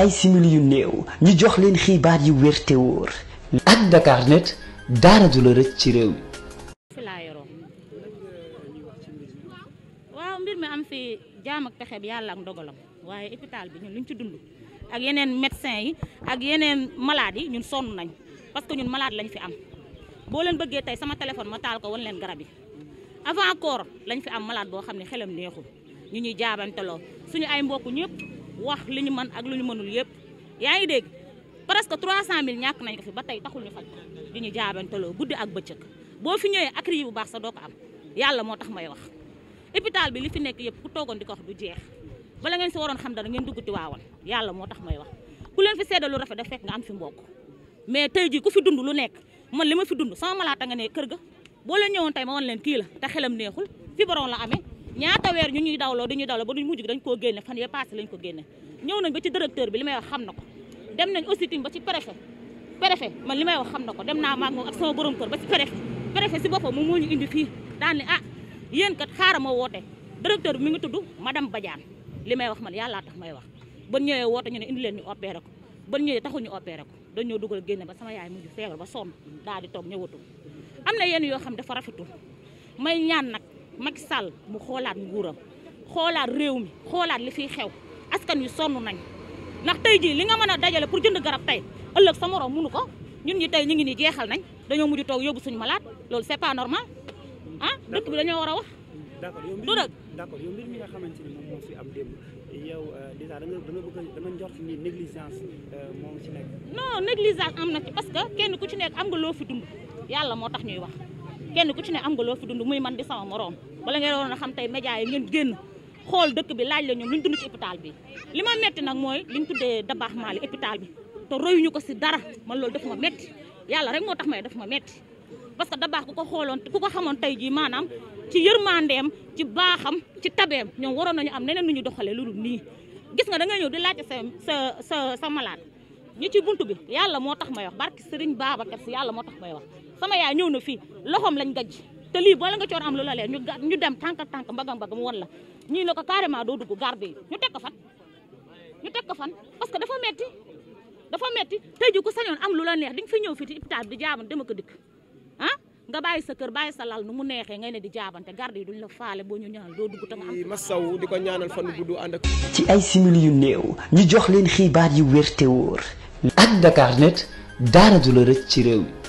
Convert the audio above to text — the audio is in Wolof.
ay simili yu néew ñu jox leen xibaar yu wér ak Dakar net daara du la rëcc ci réew mi. waaw mbir mi am fi jaam ak pexe yàlla ak ndogalam waaye hôpital bi ñun luñ ci dund ak yeneen médecin yi ak yeneen malade yi ñun sonn nañ parce que ñun malade lañ fi am boo leen bëggee tey sama téléphone ma taal ko wan leen garab yi avant encore lañ fi am malade boo xam ne xelam neexul ñu ñuy jaabanteloo suñu ay mbokk ñëpp. wax li ñu mën ak lu ñu mënul yëpp yaa ngi dégg presque 300000 ñàkk nañ ko fi ba tey taxul ñu faj di ñu jaabantaloo guddi ak bëccëg boo fi ñëwee ak yi bu baax sa doo ko am yàlla moo tax may wax hôpital bi li fi nekk yëpp ku toogoon di ko wax du jeex bala ngeen si waroon xam dara ngeen dugg ci yàlla moo tax may wax ku leen fi seede lu rafet da fekk nga am fi mbokk mais tey jii ku fi dund lu nekk man li ma fi dund sama malaata nga ne kër ga boo leen ñëwoon tey ma wan leen kii la te xelam neexul fi borom la amee ñaata weer ñu ñuy dawloo dañuy dawloo ba duñ mujj dañ koo génne fan yee passé lañ ko génne ñëw nañ ba ci directeur bi li may wax xam na ko dem nañ aussi tamit ba ci préfet préfet man li may wax xam na ko dem naa maag moom ak sama borom kër ba ci préfet si boppam moom moo ñu indi fii daan ni ah yéen kat xaaral ma woote directeur bi mi ngi tudd madame Badiane li may wax man yàllaa tax may wax ban ñëwee woote ñu ne indi leen ñu opéré ko ban ñëwee taxul ñu opéré ko dañoo dugal génne ba sama yaay mujj feebar ba sonn daal di toog ñëwatul am na yenn yoo xam dafa rafetul may ñaan nag Macky sàll mu xoolaat nguuram xoolaat réew mi xoolaat li fiy xew askan wi sonn nañ ndax tey jii li nga mën a dajale pour jënd garab tey ëllëg sa morom mënu ko ñun ñi tey ñu ngi nii jeexal nañ dañoo mujj toog yóbbu suñ malaat loolu c'est pas normal ah dëkk bi dañoo war a wax. du dëgg d'accord yow mbir mi nga xamante ni moom am démb yow euh, déjà da nga da nga bëgg da nga njort ni négligence euh, moom ci nekk. non négligence am na ci parce que kenn ku ci nekk am nga loo fi dund yàlla moo tax ñuy wax. kenn ku ci ne am nga loo fi dund muy man di sama moroom bala ngeen waroon a xam tey média yi ngeen génn xool dëkk bi laaj la ñoom lu ñu dund ci hôpital bi li ma metti nag mooy li ñu tuddee dabaax maali hôpital bi te royuñu ko si dara man lool daf ma metti yàlla rek moo tax may daf ma metti parce que dabaax ku ko xooloon ku ko xamoon tey jii maanaam ci yërmandeem ci baaxam ci tabeem ñoom waroon nañu am neneen nu ñu doxalee loolu nii gis nga da nga ñëw di laajte sa sa sa sa malade ñu ci bunt bi yàlla moo tax may wax barki sëriñ Babacar si yàlla moo tax may wax sama yaay ñëw na fii loxoom lañ gajj te lii boo la nga coor am lu la leer ñu ñu dem tànk tànk mbagam mbagam woon la ñii ne ko carrément doo dugg garde yi ñu teg ko fan ñu teg ko fan parce que dafa metti dafa metti tey ko ku sañoon am lu la neex di nga fi ñëw fii ci hôpital bi jaaban dama ko dikk ah? nga bàyyi sa kër bàyyi sa lal nu mu neexee ngay ne di jaabante garde yi duñ la faale boo ñu ñaanal doo dugg te nga am masaw di ko ñaanal fan gudd ànd ak ci ay simili yu néew ñu jox leen xibaar yu wér te wóor ak Dakarnet dara du la rëcc ci réew mi